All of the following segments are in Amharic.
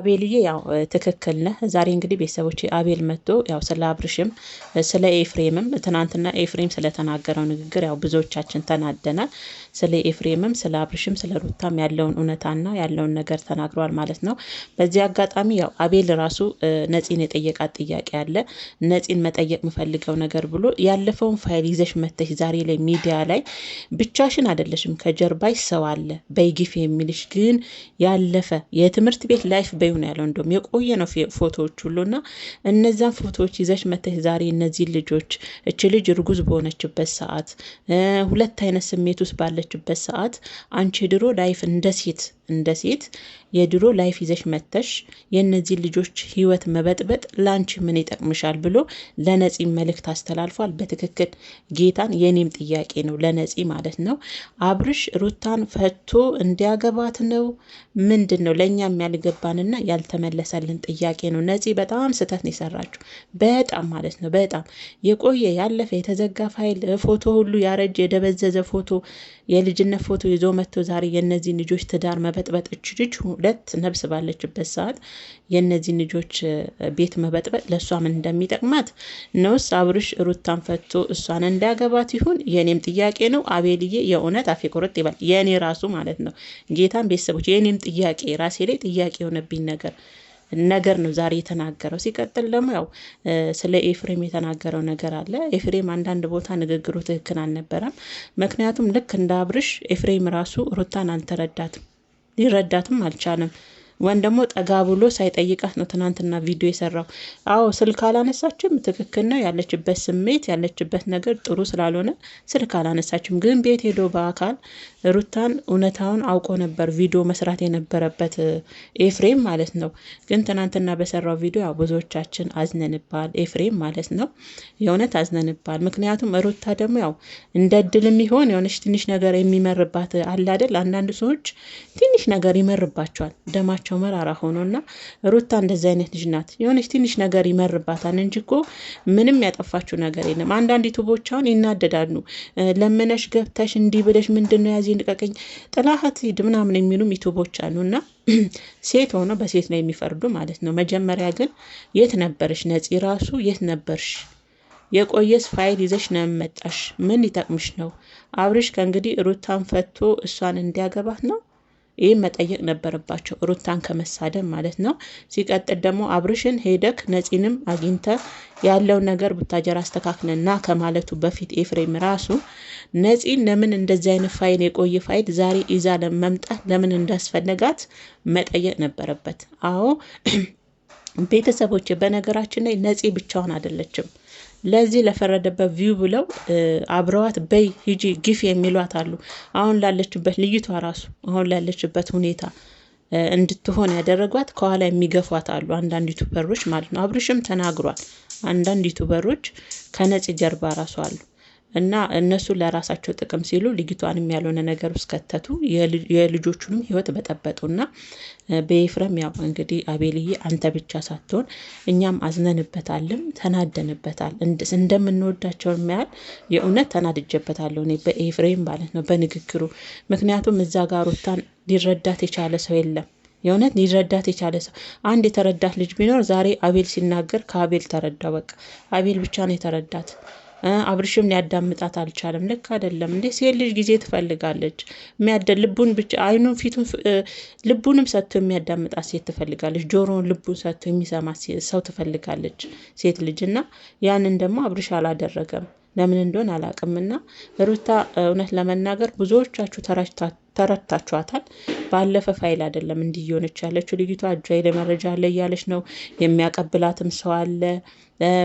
አቤልዬ ያው ትክክል ነህ። ዛሬ እንግዲህ ቤተሰቦች አቤል መጥቶ ያው ስለ አብርሽም ስለ ኤፍሬምም ትናንትና ኤፍሬም ስለተናገረው ንግግር ያው ብዙዎቻችን ተናደናል። ስለ ኤፍሬምም ስለ አብርሽም ስለ ሩታም ያለውን እውነታና ያለውን ነገር ተናግረዋል ማለት ነው። በዚህ አጋጣሚ ያው አቤል ራሱ ነፂን የጠየቃት ጥያቄ አለ። ነፂን መጠየቅ የምፈልገው ነገር ብሎ ያለፈውን ፋይል ይዘሽ መተሽ ዛሬ ላይ ሚዲያ ላይ ብቻሽን አይደለሽም፣ ከጀርባሽ ሰው አለ በይጊፍ የሚልሽ ግን ያለፈ የትምህርት ቤት ላይፍ ጊዜያዊ ነው ያለው። እንደውም የቆየ ነው ፎቶዎች ሁሉና እነዛን ፎቶዎች ይዘሽ መተሽ ዛሬ እነዚህ ልጆች እች ልጅ እርጉዝ በሆነችበት ሰዓት ሁለት አይነት ስሜት ውስጥ ባለችበት ሰዓት አንቺ ድሮ ላይፍ እንደ ሴት እንደ ሴት የድሮ ላይፍ ይዘሽ መተሽ የእነዚህ ልጆች ህይወት መበጥበጥ ለአንቺ ምን ይጠቅምሻል ብሎ ለነፂ መልእክት አስተላልፏል። በትክክል ጌታን የኔም ጥያቄ ነው ለነፂ ማለት ነው። አብርሽ ሩታን ፈቶ እንዲያገባት ነው ምንድን ነው ለእኛ የሚያልገባንና ያልተመለሰልን ጥያቄ ነው። ነፂ በጣም ስህተት ነው የሰራችው። በጣም ማለት ነው በጣም የቆየ ያለፈ የተዘጋ ፋይል ፎቶ ሁሉ ያረጀ የደበዘዘ ፎቶ የልጅነት ፎቶ ይዞ መጥቶ ዛሬ የእነዚህን ልጆች ትዳር መበጥበጥ ልጅ ሁለት ነብስ ባለችበት ሰዓት የነዚህ ልጆች ቤት መበጥበጥ ለእሷ ምን እንደሚጠቅማት ነውስ። አብርሽ ሩታን ፈቶ እሷን እንዳያገባት ይሁን የእኔም ጥያቄ ነው። አቤልዬ የእውነት አፌ ቁርጥ ይባል የእኔ ራሱ ማለት ነው ጌታን ቤተሰቦች የእኔም ጥያቄ ራሴ ላይ ጥያቄ የሆነብኝ ያለብኝ ነገር ነገር ነው ዛሬ የተናገረው። ሲቀጥል ደግሞ ያው ስለ ኤፍሬም የተናገረው ነገር አለ። ኤፍሬም አንዳንድ ቦታ ንግግሩ ትክክል አልነበረም። ምክንያቱም ልክ እንደ አብርሽ ኤፍሬም ራሱ ሩታን አልተረዳትም፣ ሊረዳትም አልቻለም። ወይም ደግሞ ጠጋ ብሎ ሳይጠይቃት ነው ትናንትና ቪዲዮ የሰራው። አዎ ስልክ አላነሳችም፣ ትክክል ነው። ያለችበት ስሜት ያለችበት ነገር ጥሩ ስላልሆነ ስልክ አላነሳችም። ግን ቤት ሄዶ በአካል ሩታን እውነታውን አውቆ ነበር ቪዲዮ መስራት የነበረበት ኤፍሬም ማለት ነው። ግን ትናንትና በሰራው ቪዲዮ ያው ብዙዎቻችን አዝነንባል፣ ኤፍሬም ማለት ነው። የእውነት አዝነንባል። ምክንያቱም ሩታ ደግሞ ያው እንደ ድል የሚሆን የሆነች ትንሽ ነገር የሚመርባት አለ አይደል? አንዳንድ ሰዎች ትንሽ ነገር ይመርባቸዋል ደማቸው ጸባያቸው መራራ ሆኖ እና ሩታ እንደዚ አይነት ልጅ ናት። የሆነች ትንሽ ነገር ይመርባታል እንጂ እኮ ምንም ያጠፋችው ነገር የለም። አንዳንድ ቱቦች አሁን ይናደዳሉ። ለምነሽ ገብተሽ እንዲህ ብለሽ ምንድን ነው ያዜ ንቀቀኝ ጥላሀት ሂድ ምናምን የሚሉም ቱቦች አሉ እና ሴት ሆኖ በሴት ነው የሚፈርዱ ማለት ነው። መጀመሪያ ግን የት ነበርሽ ነፂ ራሱ የት ነበርሽ? የቆየስ ፋይል ይዘሽ ነው መጣሽ? ምን ይጠቅምሽ ነው? አብርሽ ከእንግዲህ ሩታን ፈቶ እሷን እንዲያገባት ነው ይህም መጠየቅ ነበረባቸው፣ ሩታን ከመሳደብ ማለት ነው። ሲቀጥል ደግሞ አብርሽን ሄደክ ነፂንም አግኝተ ያለው ነገር ቡታጀር አስተካክለና ከማለቱ በፊት ኤፍሬም ራሱ ነፂን ለምን እንደዚህ አይነት ፋይል የቆየ ፋይል ዛሬ ይዛ ለመምጣት ለምን እንዳስፈለጋት መጠየቅ ነበረበት። አዎ ቤተሰቦች፣ በነገራችን ላይ ነፂ ብቻዋን አይደለችም። ለዚህ ለፈረደበት ቪው ብለው አብረዋት በይ ሂጂ ጊፍ የሚሏት አሉ። አሁን ላለችበት ልይቷ ራሱ አሁን ላለችበት ሁኔታ እንድትሆን ያደረጓት ከኋላ የሚገፏት አሉ፣ አንዳንድ ዩቱበሮች ማለት ነው። አብርሽም ተናግሯል። አንዳንድ ዩቱበሮች ከነፂ ጀርባ ራሱ አሉ። እና እነሱ ለራሳቸው ጥቅም ሲሉ ልጅቷንም ያልሆነ ነገር ውስጥ ከተቱ፣ የልጆቹንም በጠበጡ። በጠበጡና በኤፍረም ያው እንግዲህ አቤልዬ አንተ ብቻ ሳትሆን እኛም አዝነንበታልም ተናደንበታል። እንደምንወዳቸውን የሚያህል የእውነት ተናድጀበታለሁ እኔ በኤፍሬም ማለት ነው በንግግሩ። ምክንያቱም እዛ ጋር ሩታን ሊረዳት የቻለ ሰው የለም። የእውነት ሊረዳት የቻለ ሰው አንድ የተረዳት ልጅ ቢኖር ዛሬ አቤል ሲናገር ከአቤል ተረዳው። በቃ አቤል ብቻ ነው የተረዳት። አብርሽም ሊያዳምጣት አልቻለም። ልክ አይደለም እንዴ? ሴት ልጅ ጊዜ ትፈልጋለች። የሚያደ ልቡን ብቻ አይኑን፣ ፊቱን፣ ልቡንም ሰጥቶ የሚያዳምጣት ሴት ትፈልጋለች። ጆሮን፣ ልቡን ሰጥቶ የሚሰማ ሰው ትፈልጋለች ሴት ልጅ እና ያንን ደግሞ አብርሽ አላደረገም። ለምን እንደሆን አላውቅምና ሩታ እውነት ለመናገር ብዙዎቻችሁ ተረድታችኋታል። ባለፈ ፋይል አይደለም እንዲህ እየሆነች ያለችው ልጅቷ። እጇ ላይ መረጃ አለ እያለች ነው የሚያቀብላትም ሰው አለ።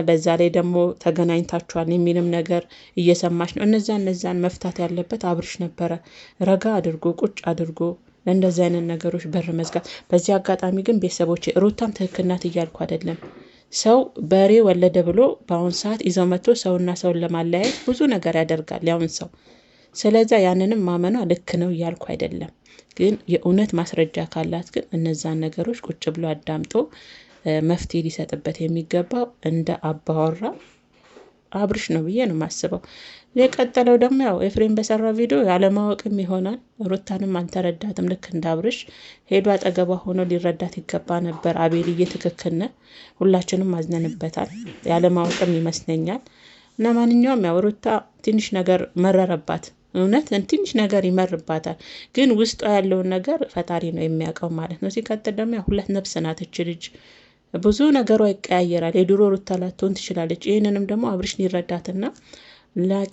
በዛ ላይ ደግሞ ተገናኝታችኋል የሚልም ነገር እየሰማች ነው። እነዛ እነዛን መፍታት ያለበት አብርሽ ነበረ። ረጋ አድርጎ ቁጭ አድርጎ ለእንደዚህ አይነት ነገሮች በር መዝጋት። በዚህ አጋጣሚ ግን ቤተሰቦች ሩታም ትክክል ናት እያልኩ አይደለም። ሰው በሬ ወለደ ብሎ በአሁን ሰዓት ይዘው መጥቶ ሰውና ሰውን ለማለያየት ብዙ ነገር ያደርጋል ያሁን ሰው። ስለዛ ያንንም ማመኗ ልክ ነው እያልኩ አይደለም። ግን የእውነት ማስረጃ ካላት ግን እነዛን ነገሮች ቁጭ ብሎ አዳምጦ መፍትሄ ሊሰጥበት የሚገባው እንደ አባወራ አብርሽ ነው ብዬ ነው የማስበው። የቀጠለው ደግሞ ያው ኤፍሬም በሰራው ቪዲዮ ያለማወቅም ይሆናል ሩታንም አልተረዳትም። ልክ እንዳብርሽ ሄዶ አጠገቧ ሆኖ ሊረዳት ይገባ ነበር። አቤልዬ ትክክል ነህ፣ ሁላችንም አዝነንበታል። ያለማወቅም ይመስለኛል። እና ማንኛውም ያው ሩታ ትንሽ ነገር መረረባት፣ እውነት ትንሽ ነገር ይመርባታል። ግን ውስጧ ያለውን ነገር ፈጣሪ ነው የሚያውቀው ማለት ነው። ሲቀጥል ደግሞ ያው ሁለት ነፍስ ናት እች ልጅ ብዙ ነገሯ ይቀያየራል። የድሮ ሩታ ላትሆን ትችላለች። ይህንንም ደግሞ አብርሽ ሊረዳትና ላቅ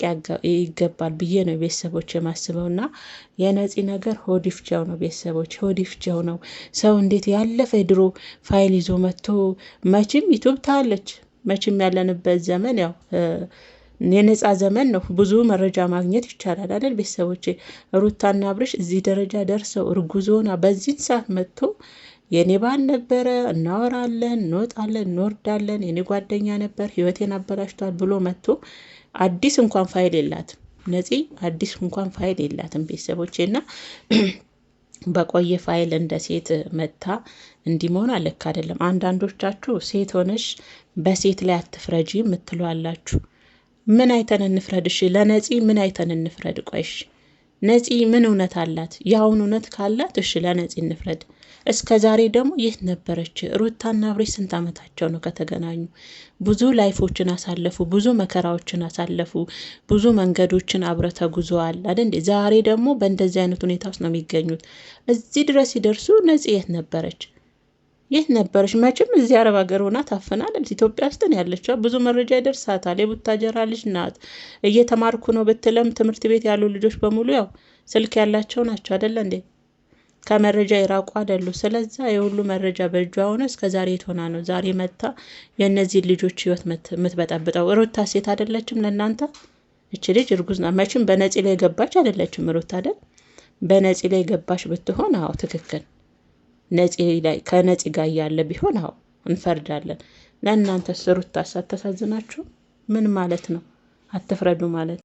ይገባል ብዬ ነው ቤተሰቦች የማስበው። እና የነፂ ነገር ሆዲፍጃው ነው ቤተሰቦች፣ ሆዲፍጃው ነው። ሰው እንዴት ያለፈ ድሮ ፋይል ይዞ መጥቶ መቼም ዩቱብ ታለች መቼም ያለንበት ዘመን ያው የነፃ ዘመን ነው። ብዙ መረጃ ማግኘት ይቻላል አይደል? ቤተሰቦቼ ሩታና አብርሽ እዚህ ደረጃ ደርሰው እርጉዞና በዚህን ሰዓት መጥቶ የኔ ባል ነበረ፣ እናወራለን፣ እንወጣለን፣ እንወርዳለን፣ የኔ ጓደኛ ነበር፣ ህይወቴን አበላሽቷል ብሎ መጥቶ አዲስ እንኳን ፋይል የላትም ነፂ፣ አዲስ እንኳን ፋይል የላትም ቤተሰቦቼ እና በቆየ ፋይል እንደ ሴት መታ እንዲህ መሆን ልክ አይደለም። አንዳንዶቻችሁ ሴት ሆነሽ በሴት ላይ አትፍረጂ የምትለዋላችሁ ምን አይተን እንፍረድሽ? ለነፂ ምን አይተን እንፍረድ? ቆይሽ ነፂ ምን እውነት አላት? የአሁን እውነት ካላት እሺ ለነፂ እንፍረድ። እስከ ዛሬ ደግሞ ይህ ነበረች ሩታና አብሬ። ስንት ዓመታቸው ነው ከተገናኙ? ብዙ ላይፎችን አሳለፉ፣ ብዙ መከራዎችን አሳለፉ፣ ብዙ መንገዶችን አብረ ተጉዘዋል እንዴ ዛሬ ደግሞ በእንደዚህ አይነት ሁኔታ ውስጥ ነው የሚገኙት። እዚህ ድረስ ሲደርሱ ነጽ የት ነበረች? የት ነበረች? መቼም እዚህ አረብ ሀገር ሆና ታፈናለች። ኢትዮጵያ ውስጥን ያለችው። ብዙ መረጃ ይደርሳታል። የቡታጀራ ልጅ ናት። እየተማርኩ ነው ብትለም ትምህርት ቤት ያሉ ልጆች በሙሉ ያው ስልክ ያላቸው ናቸው አደለ እንዴ? ከመረጃ የራቁ አደሉ። ስለዛ የሁሉ መረጃ በእጇ ሆነ እስከ ዛሬ የትሆና ነው ዛሬ መታ የእነዚህን ልጆች ህይወት የምትበጠብጠው? ሩታ ሴት አይደለችም ለእናንተ? እች ልጅ እርጉዝ ናት። መቼም በነፂ ላይ ገባች አይደለችም ሩታ አደል በነፂ ላይ ገባች ብትሆን አዎ ትክክል። ነፂ ላይ ከነፂ ጋር እያለ ቢሆን አዎ እንፈርዳለን። ለእናንተ ሩታስ አታሳዝናችሁ? ምን ማለት ነው? አትፍረዱ ማለት